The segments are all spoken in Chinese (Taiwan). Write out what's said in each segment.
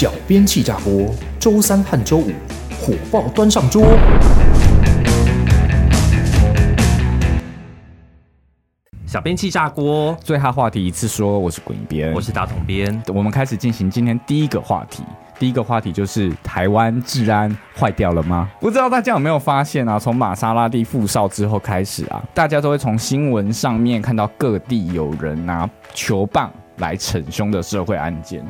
小編氣炸鍋，週三和週五火爆端上桌。小編氣炸鍋，最夯話題一次說。我是滾一編，我是打統編。我們開始進行今天第一個話題。第一個話題就是台灣治安壞掉了嗎？不知道大家有沒有發現啊？從瑪莎拉蒂富少之後開始啊，大家都會從新聞上面看到各地有人拿球棒來逞凶的社會案件。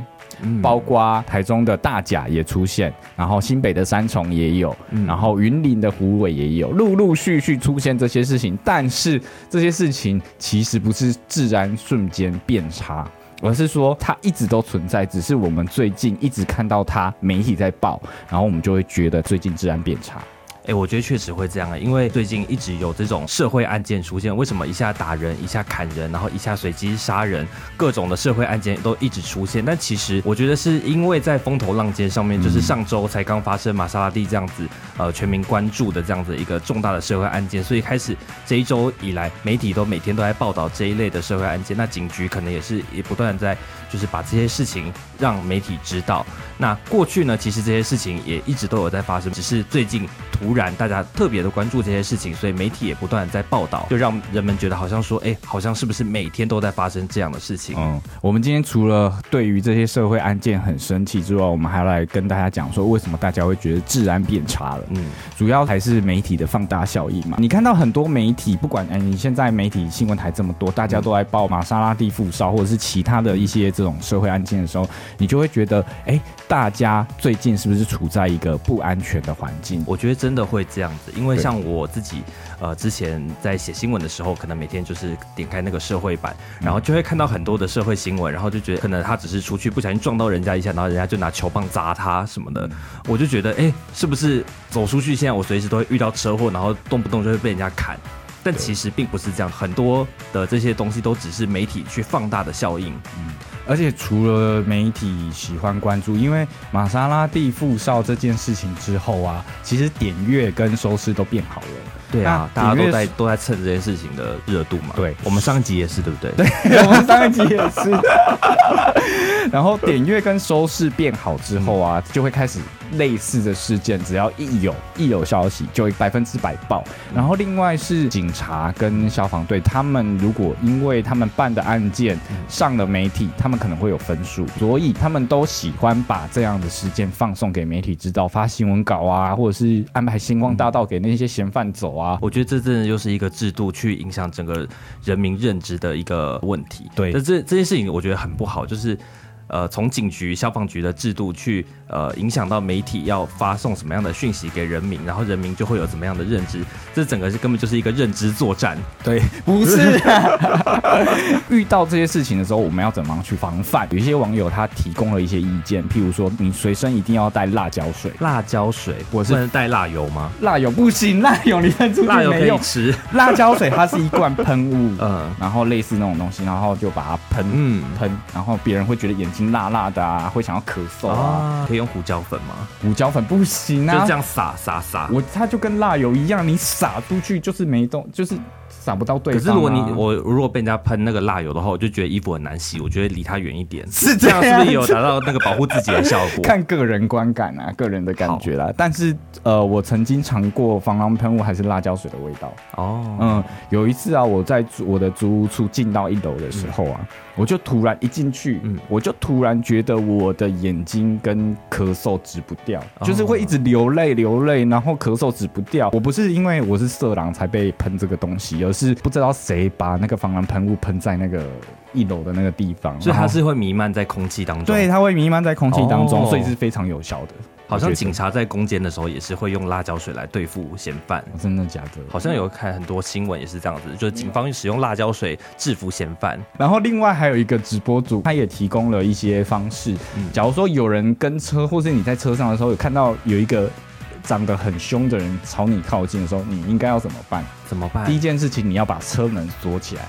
包括台中的大甲也出現，然後新北的三重也有，然後雲林的虎尾也有，陸陸續續出現這些事情。但是這些事情其實不是治安瞬間變差，而是說它一直都存在，只是我們最近一直看到它媒體在報，然後我們就會覺得最近治安變差。哎、欸，我覺得確實會這樣啊，因為最近一直有這種社會案件出現。為什麼一下打人，一下砍人，然後一下隨機殺人，各種的社會案件都一直出現。但其實我覺得是因為在風頭浪尖上面，就是上周才剛發生瑪莎拉蒂這樣子，呃，全民關注的這樣子一個重大的社會案件，所以開始這一周以來，媒體都每天都在報道這一類的社會案件。那警局可能也是也不斷在就是把這些事情讓媒體知道。那過去呢，其實這些事情也一直都有在發生，只是最近突然。大家特別的關注這些事情，所以媒體也不斷在報道，就讓人們覺得好像說，哎，好像是不是每天都在發生這樣的事情？嗯，我們今天除了對於這些社會案件很生氣之外，我們還來跟大家講說，為什麼大家會覺得治安變差了？嗯，主要還是媒體的放大效應嘛。你看到很多媒體，不管哎，你現在媒體新聞台這麼多，大家都來報瑪莎拉蒂富少或者是其他的一些這種社會案件的時候，你就會覺得，哎，大家最近是不是處在一個不安全的環境？我覺得真的。會這樣子，因為像我自己，對呃，之前在寫新聞的時候，可能每天就是點開那個社會版，嗯、然後就會看到很多的社會新聞，然後就覺得可能他只是出去不小心撞到人家一下，然後人家就拿球棒砸他什麼的，嗯、我就覺得，哎、欸，是不是走出去現在我隨時都會遇到車禍，然後動不動就會被人家砍？但其實並不是這樣，對很多的這些東西都只是媒體去放大的效應。嗯，而且除了媒體喜歡關注，因為瑪莎拉蒂富少這件事情之後啊，其實點閱跟收視都變好了。對啊，那大家都在閱都在蹭這件事情的熱度嘛。對，我們上一集也是，對不對？對，我們上一集也是。 然後點閱跟收視變好之後啊，就會開始類似的事件，只要一有一有消息，就百分之百爆。嗯、然後另外是警察跟消防隊，他們如果因為他們辦的案件、嗯、上了媒體，他們可能會有分數，所以他們都喜歡把這樣的事件放送給媒體知道，發新聞稿啊，或者是安排星光大道給那些嫌犯走、啊。嗯我覺得這真的就是一個制度去影響整個人民認知的一個問題。對，那這這件事情我覺得很不好，就是。呃，從警局、消防局的制度去呃影響到媒體要發送什麼樣的訊息給人民，然後人民就會有怎麼樣的認知，這整個是根本就是一個認知作戰，對，不是啊。 遇到這些事情的時候，我們要怎麼去防範？有一些網友他提供了一些意見，譬如說，你隨身一定要帶辣椒水。辣椒水，我是帶辣油嗎？辣油不行，辣油你噴出辣油可以吃。辣椒水它是一罐噴霧，嗯，然後類似那種東西，然後就把它噴，嗯，噴，然後別人會覺得眼睛。辣辣的啊，會想要咳嗽啊？啊可以用胡椒粉嗎？胡椒粉不行啊，就這樣撒撒撒，我它就跟辣油一樣，你撒出去就是沒動，就是撒不到對方、啊。可是如果你我如果被人家噴那個辣油的話，我就覺得衣服很難洗，我覺得離它遠一點。是這樣，這樣是不是也有達到那個保護自己的效果？ 看個人觀感啊，個人的感覺啦、啊。好但是呃，我曾經嘗過防狼噴霧，還是辣椒水的味道哦。嗯，有一次啊，我在我的租屋處進到一樓的時候啊，嗯、我就突然一進去，嗯、我就突。突然覺得我的眼睛跟咳嗽止不掉，oh. 就是會一直流淚流淚，然後咳嗽止不掉。我不是因為我是色狼才被噴這個東西，而是不知道誰把那個防狼噴霧噴在那個一樓的那個地方，所以它是會瀰漫在空氣當中。對，它會瀰漫在空氣當中，oh. 所以是非常有效的。好像警察在攻堅的時候也是會用辣椒水來對付嫌犯，真的假的？好像有看很多新聞也是這樣子，就是警方使用辣椒水制服嫌犯。然後另外還有一個直播主，他也提供了一些方式。假如說有人跟車，或是你在車上的時候有看到有一個長得很凶的人朝你靠近的時候，你應該要怎麼辦？怎麼辦？第一件事情，你要把車門鎖起來。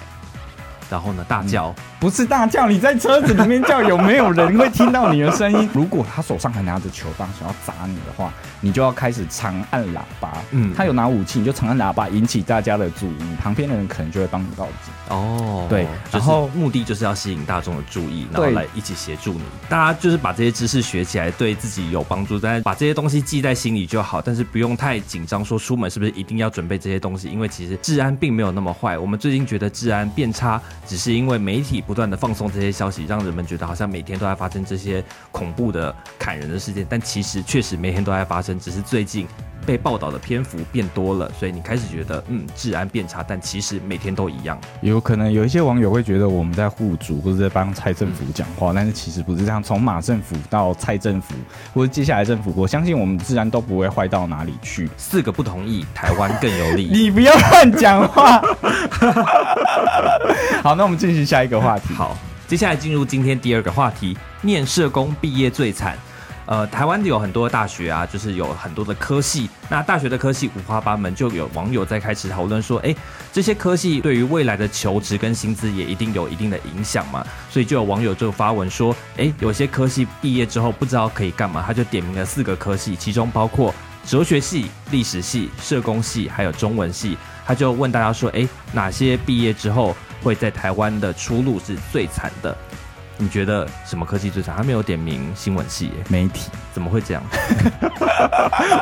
然後呢？大叫、嗯、不是大叫，你在車子裡面叫，有沒有人會聽到你的聲音？ 如果他手上還拿着球棒想要砸你的話，你就要開始長按喇叭。嗯，他有拿武器，你就長按喇叭，引起大家的注意，旁邊的人可能就會幫你報警。哦，對，然後目的就是要吸引大眾的注意，然後來一起協助你。對大家就是把這些知識學起來，對自己有幫助，但是把這些東西記在心裡就好。但是不用太緊張，說出門是不是一定要準備這些東西？因為其實治安並沒有那麼壞。我們最近覺得治安變差。只是因為媒體不斷的放送這些消息，讓人們覺得好像每天都在發生這些恐怖的砍人的事件，但其實確實每天都在發生，只是最近被報道的篇幅變多了，所以你開始覺得嗯，治安變差，但其實每天都一樣。有可能有一些網友會覺得我們在護主或者在幫蔡政府講話，嗯、但是其實不是這樣。從馬政府到蔡政府，或者接下來政府，我相信我們自然都不會壞到哪裡去。四個不同意，台灣更有力。 你不要亂講話。 好，那我們進行下一個話題。好，接下來進入今天第二個話題：念社工畢業最慘。呃，台灣的有很多大學啊，就是有很多的科系，那大學的科系五花八門，就有網友在開始討論說，哎、欸，這些科系對於未來的求職跟薪資也一定有一定的影響嘛？所以就有網友就發文說，哎、欸，有些科系畢業之後不知道可以幹嘛，他就點名了四個科系，其中包括哲學系、歷史系、社工系，還有中文系。他就問大家說：“哎，哪些畢業之後會在台灣的出路是最慘的？”你覺得什麼科系最慘？他沒有點名新聞系、欸，媒體怎麼會這樣？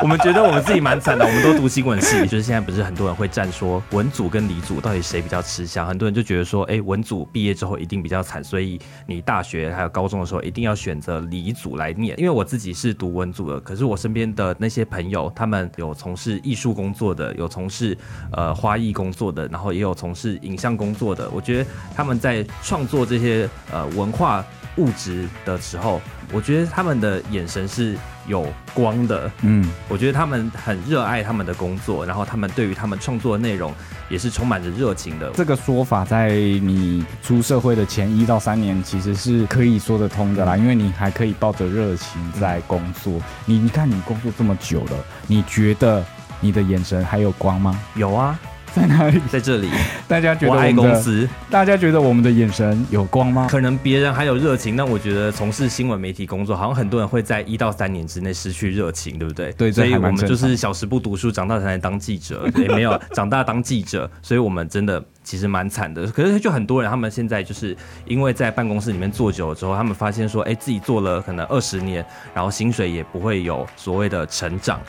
我們覺得我們自己蠻慘的。我們都讀新聞系， 就是現在不是很多人會站說文組跟理組到底誰比較吃香？很多人就覺得說，哎、欸，文組畢業之後一定比較慘，所以你大學還有高中的時候一定要選擇理組來念。因為我自己是讀文組的，可是我身邊的那些朋友，他們有從事藝術工作的，有從事、呃、花藝工作的，然後也有從事影像工作的。我覺得他們在創作這些、呃、文化。物質的時候，我覺得他們的眼神是有光的。嗯，我覺得他們很熱愛他們的工作，然後他們對於他們創作的內容也是充滿着熱情的。這個說法在你出社會的前一到三年其實是可以說得通的啦，因為你還可以抱着熱情在工作。你你看，你工作這麼久了，你覺得你的眼神還有光嗎？有啊。在哪裡？在這裡。大家覺得我，我愛公司。大家覺得我們的眼神有光嗎？可能別人還有熱情，但我覺得從事新聞媒體工作，好像很多人會在一到三年之內失去熱情，對不對？對，所以我們就是小時不讀書，長大才能當記者。也沒有長大當記者， 所以我們真的其實蠻慘的。可是就很多人，他們現在就是因為在辦公室裡面坐久了之後，他們發現說，哎、欸，自己做了可能二十年，然後薪水也不會有所謂的成長。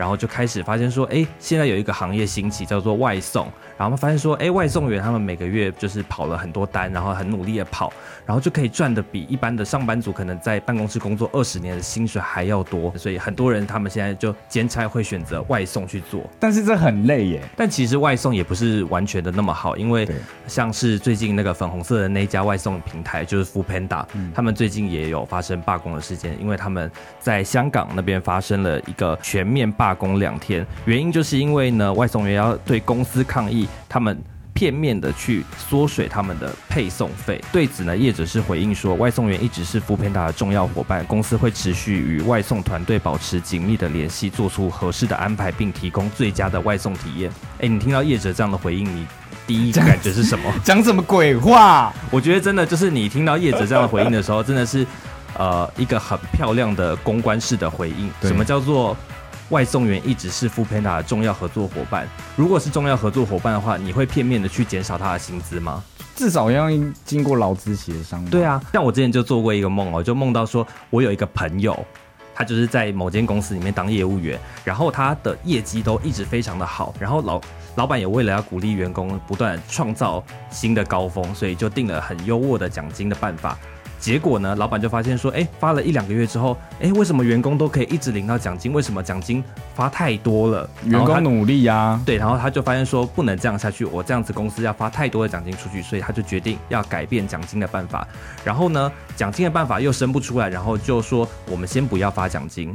然後就開始發現說，哎、欸，現在有一個行業興起叫做外送。然後發現說，哎、欸，外送員他們每個月就是跑了很多單，然後很努力的跑，然後就可以賺的比一般的上班族可能在辦公室工作二十年的薪水還要多。所以很多人他們現在就兼差會選擇外送去做。但是這很累耶。但其實外送也不是完全的那麼好，因為像是最近那個粉紅色的那一家外送平台就是 Foodpanda 他們最近也有發生罷工的事件，因為他們在香港那邊發生了一個全面罷。罷工兩天，原因就是因為呢，外送員要對公司抗議，他們片面的去縮水他們的配送費。對此呢，業者是回應說，外送員一直是 Foodpanda 的重要夥伴，公司會持續與外送團隊保持緊密的聯繫，做出合適的安排，並提供最佳的外送體驗。哎、欸，你聽到業者這樣的回應，你第一感覺是什麼？講什麼鬼話？我覺得真的就是你聽到業者這樣的回應的時候，真的是呃一個很漂亮的公關式的回應。對什麼叫做？外送員一直是 Foodpanda 的重要合作夥伴。如果是重要合作夥伴的話，你會片面的去減少他的薪資嗎？至少要經過勞資協商。對啊，像我之前就做過一個夢哦，就夢到說我有一個朋友，他就是在某間公司裡面當業務員，然後他的業績都一直非常的好，然後老老闆也為了要鼓勵員工不斷的創造新的高峰，所以就定了很優渥的獎金的辦法。結果呢，老闆就發現說，哎，發了一兩個月之後，哎，為什麼員工都可以一直領到獎金？為什麼獎金發太多了？員工努力呀、啊，對，然後他就發現說，不能這樣下去，我這樣子公司要發太多的獎金出去，所以他就決定要改變獎金的辦法。然後呢，獎金的辦法又生不出來，然後就說我們先不要發獎金，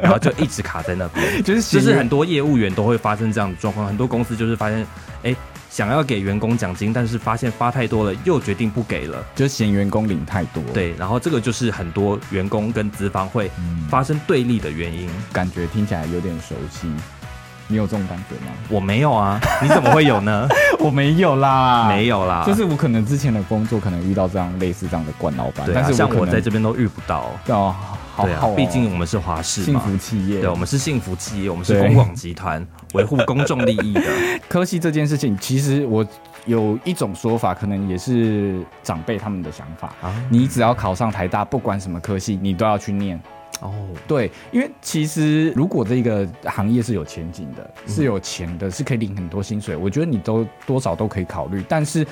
然後就一直卡在那邊。 就是，就是很多業務員都會發生這樣的狀況，很多公司就是發現，哎。想要給員工獎金，但是發現發太多了，又決定不給了，就嫌員工領太多。對，然後這個就是很多員工跟資方會發生對立的原因。感覺聽起來有點熟悉，你有這種感覺嗎？我沒有啊，你怎麼會有呢？ 我沒有啦，沒有啦，就是我可能之前的工作可能遇到這樣類似這樣的慣老闆，啊、但是我像我在這邊都遇不到。哦。對啊，畢竟我們是華視，幸福企業。對，我們是幸福企業，我們是公廣集團，維護對公眾利益的 科系這件事情，其實我有一種說法，可能也是長輩他們的想法啊。你只要考上台大，不管什麼科系，你都要去念。哦，對，因為其實如果這個行業是有前景的，是有錢的，是可以領很多薪水，嗯、我覺得你都多少都可以考慮，但是。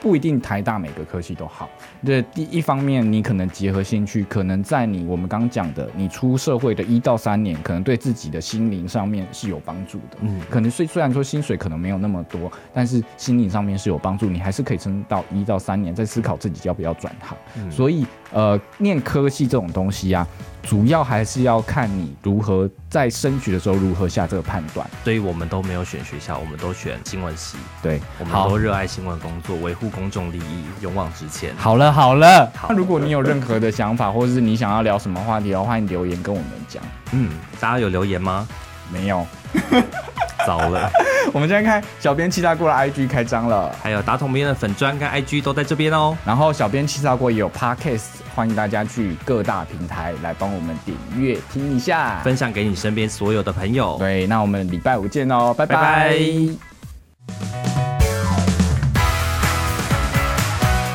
不一定台大每個科系都好。對，第一方面，你可能結合興趣，可能在你我們剛講的，你出社會的一到三年，可能對自己的心靈上面是有幫助的。嗯，可能雖雖然說薪水可能沒有那麼多，但是心靈上面是有幫助，你還是可以撐到一到三年，再思考自己要不要轉行。嗯，所以，呃，念科系這種東西啊，主要還是要看你如何。在升學的時候如何下這個判斷？所以我們都沒有選學校，我們都選新聞系。對，我們都熱愛新聞工作，維護公眾利益，勇往直前。好了好了，那了如果你有任何的想法，對或者是你想要聊什麼話題的話，歡迎留言跟我們講。嗯，大家有留言嗎？沒有。 糟走了！ 我們今在看小編七叉過的 IG 開張了，還有打桶 b 的粉磚跟 IG 都在這邊哦。然後小編七叉過也有 Podcast，歡迎大家去各大平台來幫我們點閱聽一下，分享給你身邊所有的朋友。對，那我們禮拜五見哦，拜拜！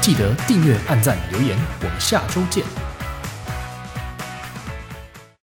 記得訂閱、按讚、留言，我們下週見。